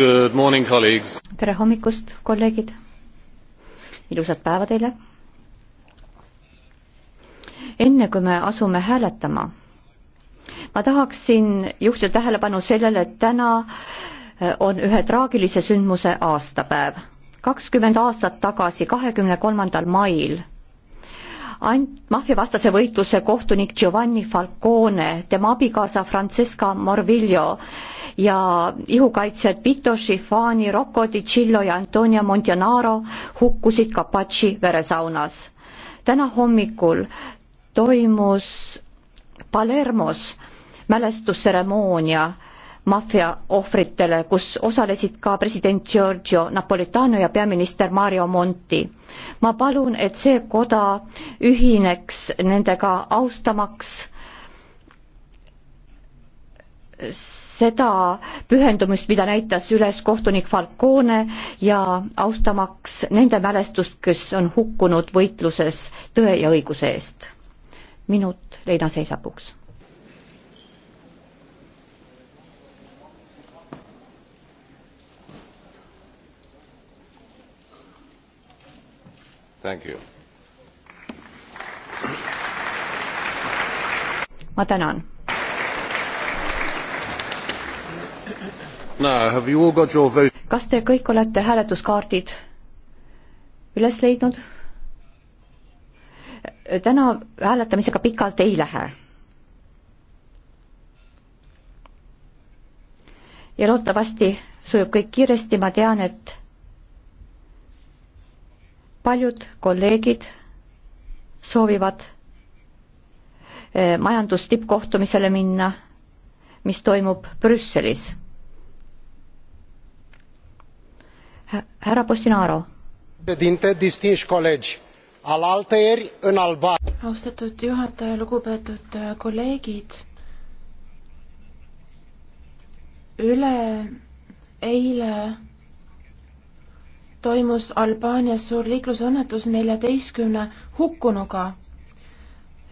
Good morning, colleagues. tere hommikust, kolleegid. ilusat päeva teile. enne kui me asume hääletama, ma tahaksin juhtida tähelepanu sellele, et täna eh, on ühe traagilise sündmuse aastapäev. kakskümmend aastat tagasi, kahekümne kolmandal mail ant-, maffiavastase võitluse kohtunik Giovanni Falcone, tema abikaasa Francesca Morvillo ja ihukaitsjad Vito Schifani, Rocco Di Cillo ja Antonia Montanaro hukkusid Capacci veresaunas. täna hommikul toimus Palermos mälestustseremoonia maffia ohvritele, kus osalesid ka president Giorgio Napolitano ja peaminister Mario Monti. ma palun, et see koda ühineks nendega austamaks seda pühendumist, mida näitas üles kohtunik Falcone ja austamaks nende mälestust, kes on hukkunud võitluses tõe ja õiguse eest. minut Leina Seisakuks ma tänan. kas te kõik olete hääletuskaardid üles leidnud? täna hääletamisega pikalt ei lähe. ja loodetavasti sujub kõik kiiresti, ma tean, et paljud kolleegid soovivad eh, majandustippkohtumisele minna, mis toimub Brüsselis. härra Postinaro. austatud juhataja, lugupeetud eh, kolleegid. üle eile toimus Albaanias suur liiklusõnnetus neljateistkümne hukkunuga.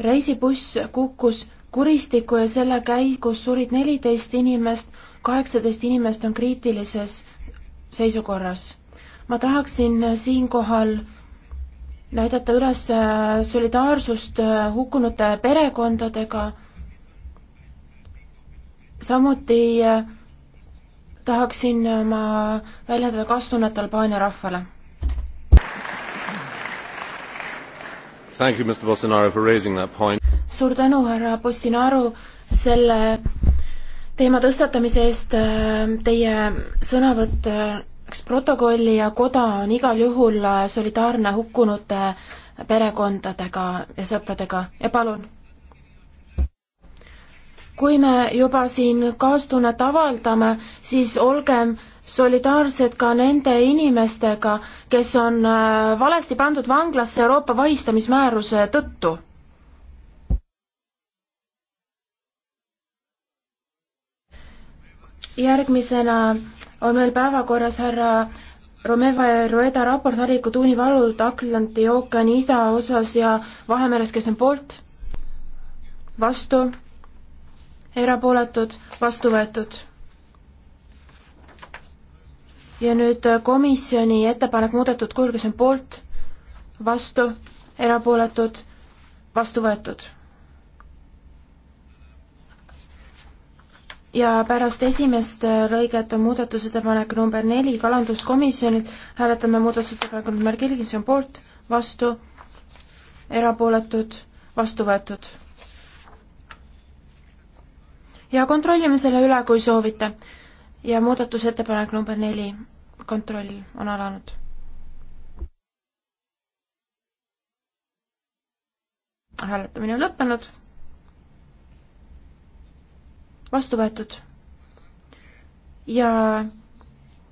reisibuss kukkus kuristikku ja selle käigus surid neliteist inimest, kaheksateist inimest on kriitilises seisukorras. ma tahaksin siinkohal näidata üles solidaarsust hukkunute perekondadega, samuti tahaksin ma väljendada kaastunnet Albaania rahvale. suur tänu, härra Postinaru, selle teema tõstatamise eest, teie sõnavõtt läks protokolli ja koda on igal juhul solidaarne hukkunute perekondadega ja sõpradega ja palun kui me juba siin kaastunnet avaldame, siis olgem solidaarsed ka nende inimestega, kes on äh, valesti pandud vanglasse Euroopa vahistamismääruse tõttu. järgmisena on meil päevakorras härra Romeva ja Rueda raport hariku tuunivalud Atlandi ookeani idaosas ja Vahemeres, kes on poolt, vastu erapooletud, vastu võetud. ja nüüd äh, komisjoni ettepanek muudetud kujul, kes on poolt, vastu, erapooletud, vastu võetud. ja pärast esimest äh, lõiget on muudatusettepanek number neli kalanduskomisjonilt, hääletame muudatusettepanekut number neli, kes on poolt, vastu, erapooletud, vastu võetud ja kontrollime selle üle, kui soovite. ja muudatusettepanek number neli, kontroll on alanud. hääletamine on lõppenud. vastu võetud. ja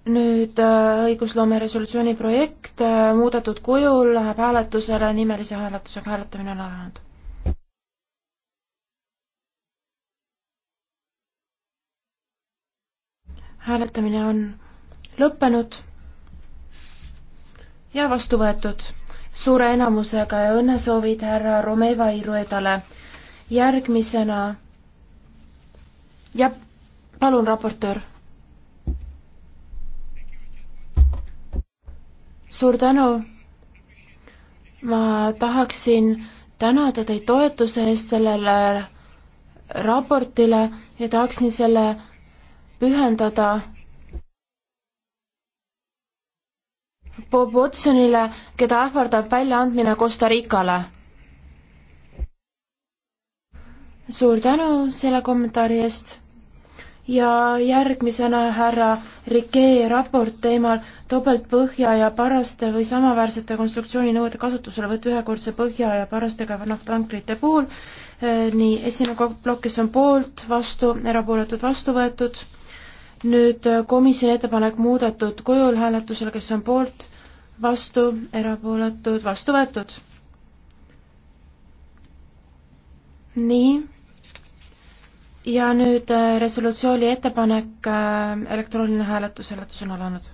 nüüd äh, õigusloome resolutsiooni projekt äh, muudetud kujul läheb hääletusele, nimelise hääletusega hääletamine on alanud. hääletamine on lõppenud ja vastu võetud suure enamusega ja õnnesoovid härra Romeva Iruedale. järgmisena ja palun, raportöör. suur tänu. ma tahaksin tänada teid toetuse eest sellele raportile ja tahaksin selle pühendada Bob Watsonile, keda ähvardab väljaandmine Costa Ricale. suur tänu selle kommentaari eest ja järgmisena härra Rikee raport teemal topeltpõhja ja paraste või samaväärsete konstruktsiooninõuete kasutuselevõtt ühekordse põhja ja parastega naftankrite puhul. nii, esimene plokk, kes on poolt, vastu, erapooletud, vastu võetud nüüd äh, komisjoni ettepanek muudetud kujul hääletusele, kes on poolt, vastu, erapooletud, vastu võetud. nii. ja nüüd äh, resolutsiooni ettepanek, äh, elektrooniline hääletus, hääletus on alanud.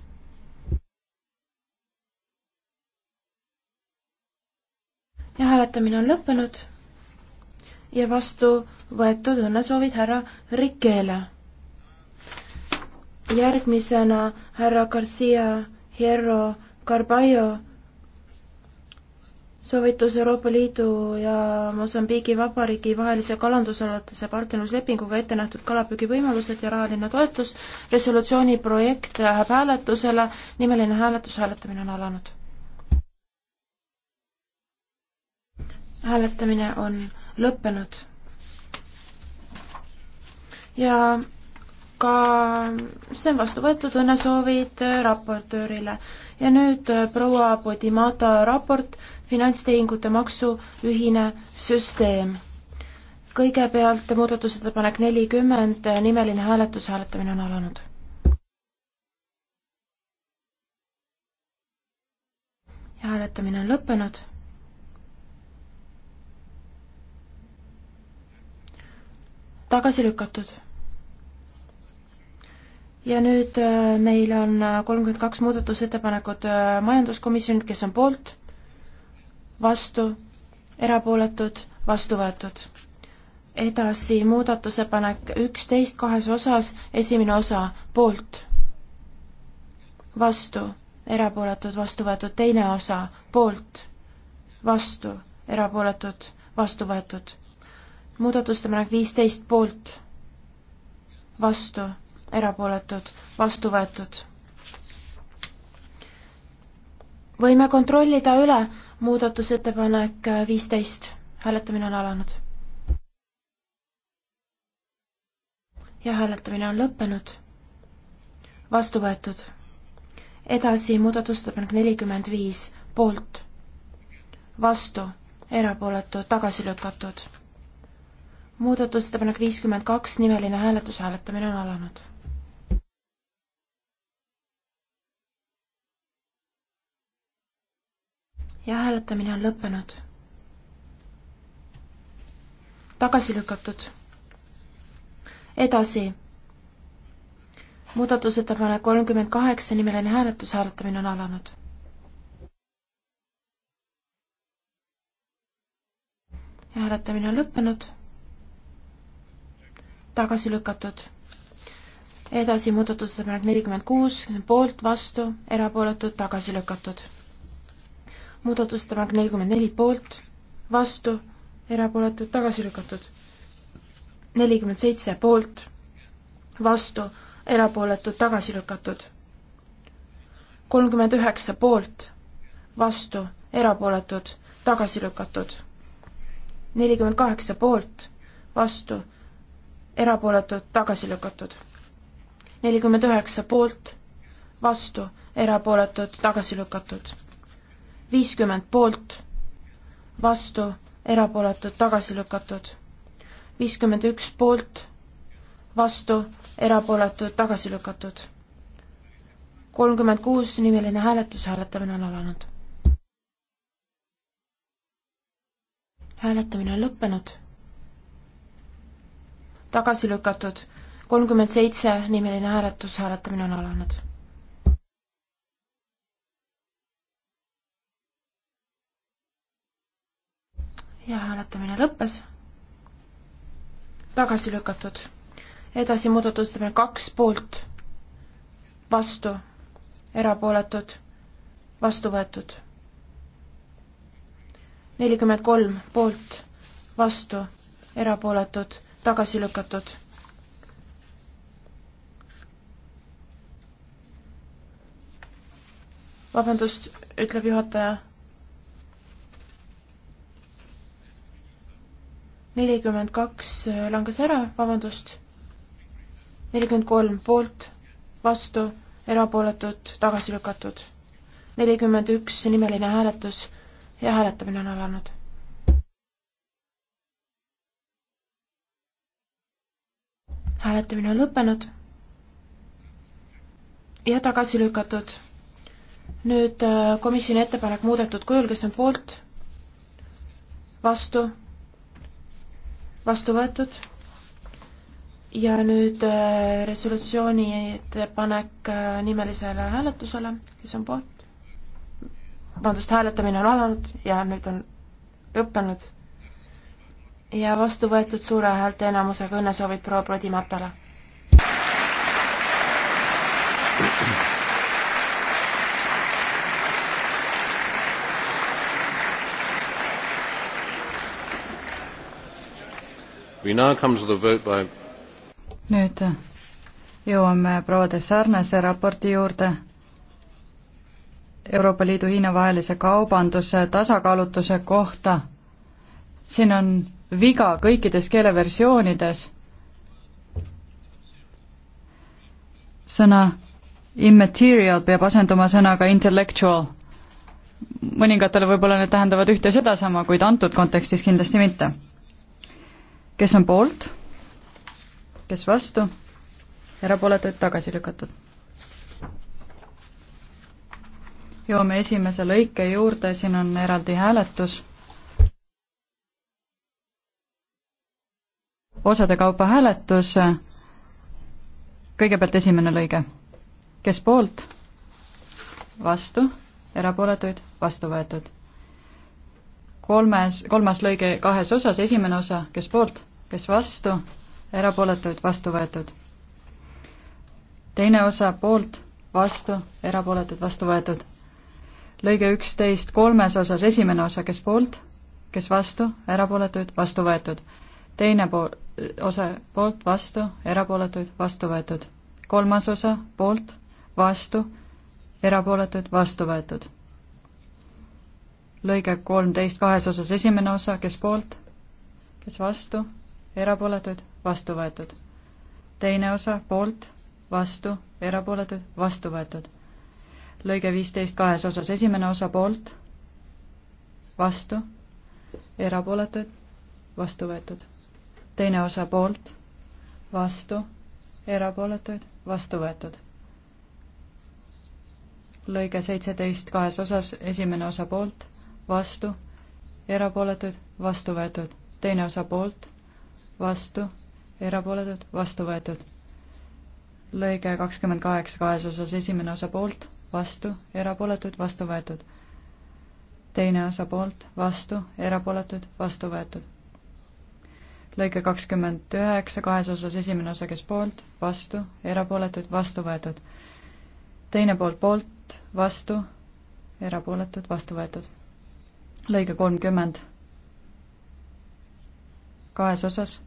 ja hääletamine on lõppenud ja vastu võetud õnnesoovid härra Rikele järgmisena härra Garcia Hierro Carballo soovitus Euroopa Liidu ja Mosambiigi Vabariigi vahelise kalandusalatise partnerluslepinguga ette nähtud kalapüügivõimalused ja rahaline toetus. resolutsiooni projekt läheb hääletusele, nimeline hääletus, hääletamine on alanud. hääletamine on lõppenud. ja aga see on vastu võetud, õnnesoovid raportöörile. ja nüüd äh, proua Podimata raport, finantstehingute maksu ühine süsteem. kõigepealt muudatusettepanek nelikümmend, äh, nimeline hääletus, hääletamine on alanud. hääletamine on lõppenud tagasi lükatud ja nüüd äh, meil on äh, kolmkümmend kaks muudatusettepanekut äh, majanduskomisjonilt, kes on poolt, vastu, erapooletud, vastu võetud. edasi muudatusepanek üksteist kahes osas, esimene osa poolt, vastu, erapooletud, vastu võetud, teine osa poolt, vastu, erapooletud, vastu võetud. muudatusettepanek viisteist poolt, vastu erapooletud, vastu võetud. võime kontrollida üle muudatusettepanek viisteist, hääletamine on alanud. ja hääletamine on lõppenud. vastu võetud. edasi muudatusettepanek nelikümmend viis, poolt, vastu, erapooletu, tagasi lükatud muudatusettepanek viiskümmend kaks, nimeline hääletus, hääletamine on alanud ja hääletamine on lõppenud. tagasi lükatud. edasi. muudatusettepanek kolmkümmend kaheksa nimeline hääletus, hääletamine on alanud. ja hääletamine on lõppenud. tagasi lükatud. edasi muudatusettepanek nelikümmend kuus, poolt, vastu, erapooletud, tagasi lükatud muudatusettepanek nelikümmend neli poolt, vastu, erapooletud, tagasi lükatud. nelikümmend seitse poolt, vastu, erapooletud, tagasi lükatud. kolmkümmend üheksa poolt, vastu, erapooletud, tagasi lükatud. nelikümmend kaheksa poolt, vastu, erapooletud, tagasi lükatud. nelikümmend üheksa poolt, vastu, erapooletud, tagasi lükatud viiskümmend poolt, vastu, erapooletud, tagasi lükatud. viiskümmend üks poolt, vastu, erapooletud, tagasi lükatud. kolmkümmend kuus nimeline hääletus, hääletamine on alanud. hääletamine on lõppenud. tagasi lükatud, kolmkümmend seitse nimeline hääletus, hääletamine on alanud ja hääletamine lõppes. tagasi lükatud. edasi muudatusettepanek kaks poolt, vastu, erapooletud, vastu võetud. nelikümmend kolm poolt, vastu, erapooletud, tagasi lükatud vabandust, ütleb juhataja nelikümmend kaks äh, langes ära, vabandust, nelikümmend kolm poolt, vastu, erapooletud, tagasi lükatud. nelikümmend üks nimeline hääletus ja hääletamine on alanud. hääletamine on lõppenud ja tagasi lükatud. nüüd äh, komisjoni ettepanek muudetud kujul, kes on poolt, vastu vastu võetud ja nüüd äh, resolutsiooni ettepanek äh, nimelisele hääletusele, kes on poolt. vabandust, hääletamine on alanud ja nüüd on lõppenud ja vastu võetud suure häälte enamusega õnnesoovid proua Prodimatale. nüüd jõuame proua de Sarnase raporti juurde. Euroopa Liidu Hiina vahelise kaubanduse tasakaalutuse kohta. siin on viga kõikides keeleversioonides. sõna immaterial peab asenduma sõnaga intellectual. mõningatele võib-olla need tähendavad ühte sedasama, kuid antud kontekstis kindlasti mitte kes on poolt, kes vastu, erapooletuid tagasi lükatud. jõuame esimese lõike juurde, siin on eraldi hääletus. osade kaupa hääletus, kõigepealt esimene lõige. kes poolt, vastu, erapooletuid, vastu võetud kolmes, kolmas lõige kahes osas, esimene osa, kes poolt, kes vastu, erapooletuid vastu võetud. teine osa poolt, vastu, erapooletuid vastu võetud. lõige üksteist kolmes osas, esimene osa, kes poolt, kes vastu, erapooletuid vastu võetud. teine pool, osa poolt, vastu, erapooletuid vastu võetud. kolmas osa poolt, vastu, erapooletuid vastu võetud lõige kolmteist kahes osas, esimene osa, kes poolt, kes vastu, erapooletuid, vastu võetud. teine osa, poolt, vastu, erapooletuid, vastu võetud. lõige viisteist kahes osas, esimene osa, poolt, vastu, erapooletuid, vastu võetud. teine osa, poolt, vastu, erapooletuid, vastu võetud. lõige seitseteist kahes osas, esimene osa, poolt vastu, erapooletud, vastu võetud. teine osa poolt, vastu, erapooletud, vastu võetud. lõige kakskümmend kaheksa kahes osas esimene osa poolt, vastu, erapooletud, vastu võetud. teine osa poolt, vastu, erapooletud, vastu võetud lõige kakskümmend üheksa, kahes osas esimene osa, kes poolt, vastu, erapooletud, vastu võetud. teine pool poolt, vastu, erapooletud, vastu võetud lõige kolmkümmend kahes osas.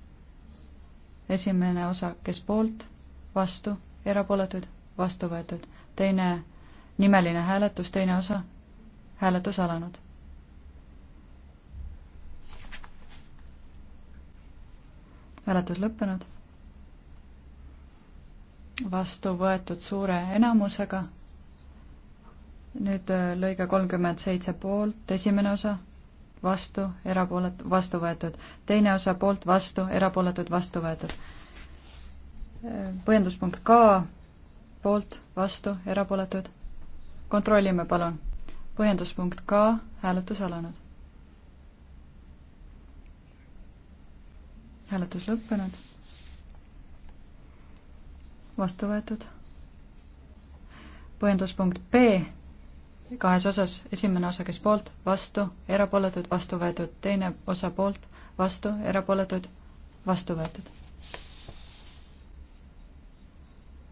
esimene osa, kes poolt, vastu, erapooletud, vastu võetud. teine, nimeline hääletus, teine osa, hääletus alanud. hääletus lõppenud. vastu võetud suure enamusega nüüd äh, lõige kolmkümmend seitse poolt, esimene osa, vastu, erapoolet-, vastu võetud. teine osa poolt, vastu, erapooletud, vastu võetud. Äh, põhjenduspunkt K, poolt, vastu, erapooletud. kontrollime, palun. põhjenduspunkt K, hääletus alanud. hääletus lõppenud. vastu võetud. põhjenduspunkt B kahes osas, esimene osa, kes poolt, vastu, erapooletud, vastu võetud, teine osa poolt, vastu, erapooletud, vastu võetud.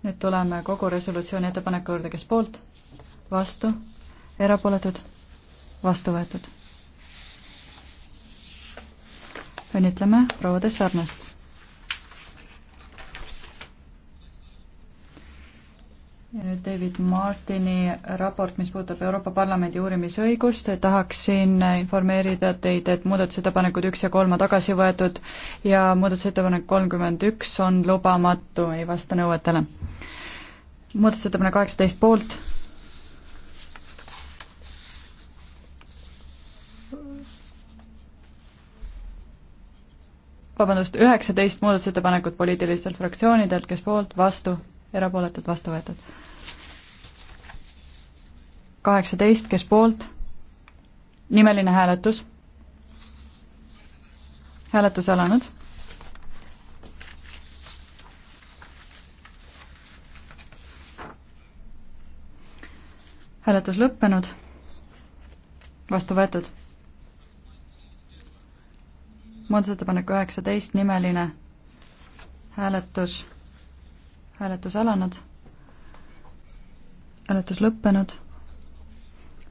nüüd tuleme kogu resolutsiooni ettepaneku juurde, kes poolt, vastu, erapooletud, vastu võetud. õnnitleme proua Dessarnast ja nüüd David Martini raport, mis puudutab Euroopa Parlamendi uurimisõigust, tahaksin informeerida teid, et muudatusettepanekud üks ja kolm on tagasi võetud ja muudatusettepanek kolmkümmend üks on lubamatu, ei vasta nõuetele. muudatusettepanek kaheksateist poolt. vabandust, üheksateist muudatusettepanekut poliitilistelt fraktsioonidelt, kes poolt, vastu, erapooletud, vastu võetud kaheksateist, kes poolt? nimeline hääletus. hääletus alanud. hääletus lõppenud. vastu võetud. muudatusettepanek üheksateist, nimeline hääletus, hääletus alanud. hääletus lõppenud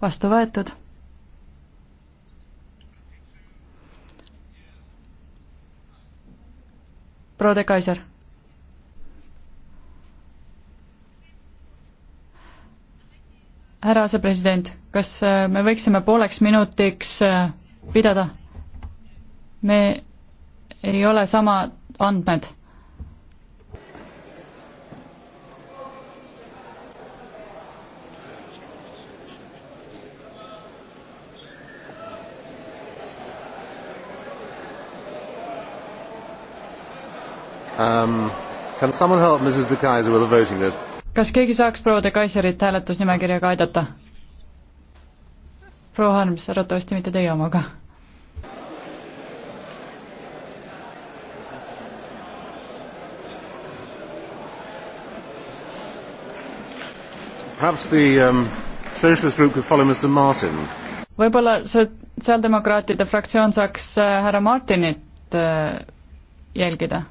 vastu võetud. Prode Kaiser. härra asepresident, kas äh, me võiksime pooleks minutiks äh, pidada? me ei ole sama andmed um,. Can someone help Mrs De Kaiser with a voting list? kas keegi saaks proua De Kaiserit hääletusnimekirjaga aidata? proua Harms, arvatavasti mitte teie omaga. Perhaps the um, socialist group could follow Mr Martin. võib-olla sotsiaaldemokraatide fraktsioon saaks äh, härra Martinit äh, jälgida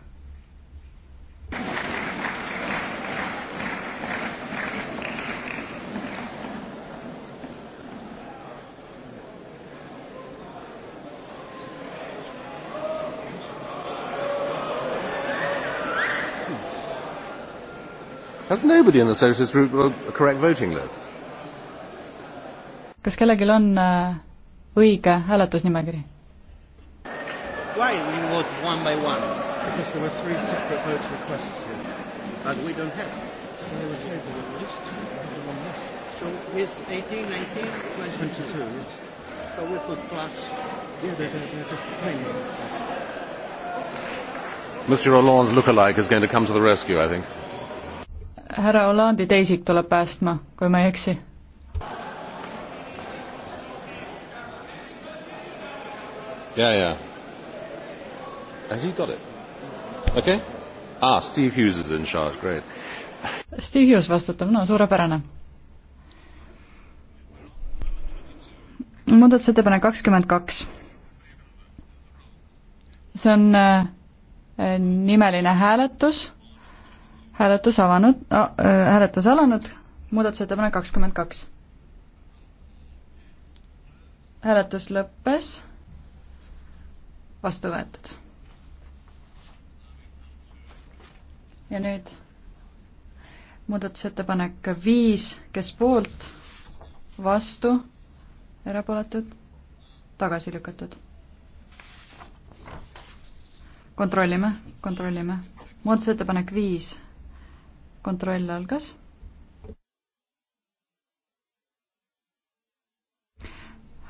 Has nobody in the socialist group got a correct voting list? kas kellelgi on äh, õige hääletusnimekiri? Why we vote one by one? Because there were three separate vote requests here. But we don't have. So they were tabled at least. So with 18, 19, plus 22, yes. So we put plus. Yeah, they're, they're, they're just plain. Mr. Hollande's look-alike is going to come to the rescue, I think härra Hollandi teisik tuleb päästma, kui ma ei eksi. ja, ja. Has he got it? okei okay.. Ah, Steve Hughes is in charge, great. Steve Hughes vastutab, no suurepärane. muudatusettepanek kakskümmend kaks. see on äh, nimeline hääletus hääletus avanud äh,, hääletus alanud, muudatusettepanek kakskümmend kaks. hääletus lõppes, vastu võetud. ja nüüd muudatusettepanek viis, kes poolt, vastu, erapooletud, tagasi lükatud. kontrollime, kontrollime. muudatusettepanek viis kontroll algas.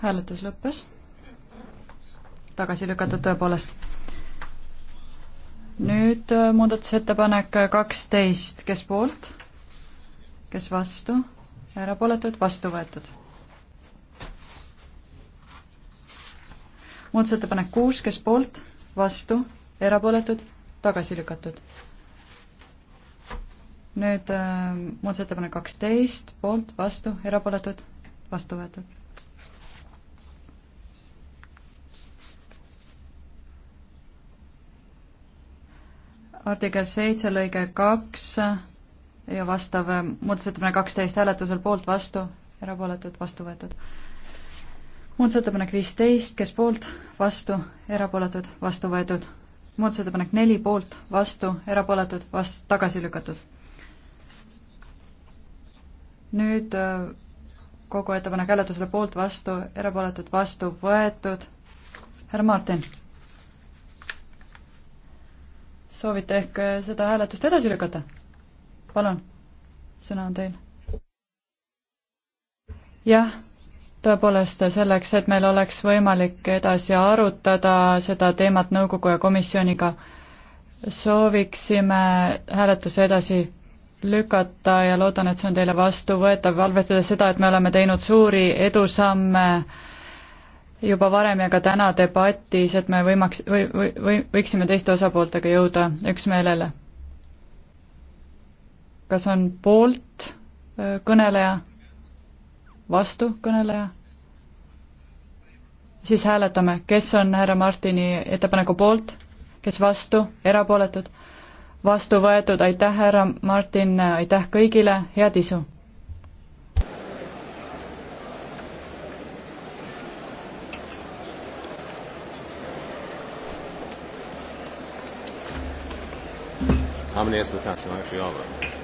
hääletus lõppes. tagasi lükatud tõepoolest. nüüd äh, muudatusettepanek kaksteist, kes poolt, kes vastu, erapooletud, vastu võetud muudatusettepanek kuus, kes poolt, vastu, erapooletud, tagasi lükatud nüüd äh, muudatusettepanek kaksteist, poolt, vastu, erapooletud, vastu võetud. artikkel seitse lõige kaks ja vastav äh, muudatusettepanek kaksteist hääletusel poolt, vastu, erapooletud, vastu võetud. muudatusettepanek viisteist, kes poolt, vastu, erapooletud, vastu võetud. muudatusettepanek neli poolt, vastu, erapooletud, vast-, tagasi lükatud nüüd äh, kogu ettepanek hääletusele poolt, vastu, erapooletud, vastu võetud. härra Martin. soovite ehk äh, seda hääletust edasi lükata? palun, sõna on teil. jah, tõepoolest selleks, et meil oleks võimalik edasi arutada seda teemat nõukogu ja komisjoniga, sooviksime hääletuse edasi lükata ja loodan, et see on teile vastuvõetav, arvestades seda, et me oleme teinud suuri edusamme juba varem ja ka täna debatis, et me võimaks, või, või, või võiksime teiste osapooltega jõuda üksmeelele. kas on poolt äh, kõneleja, vastu kõneleja? siis hääletame, kes on härra Martini ettepaneku poolt, kes vastu, erapooletud vastu võetud, aitäh, härra Martin, aitäh kõigile, head isu! How many is the nationality of it?